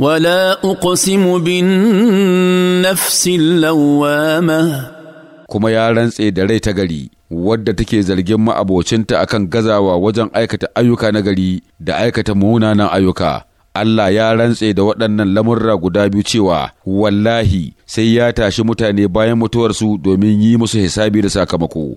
ولا أقسم بالنفس اللوامة kuma ya rantse da rai ta gari wadda take zargin ma'abocinta kan gazawa wajen aikata ayyuka na gari da aikata munanan ayyuka Allah ya rantse da waɗannan lamurra guda biyu cewa wallahi sai ya tashi mutane bayan mutuwarsu domin yi musu hisabi da sakamako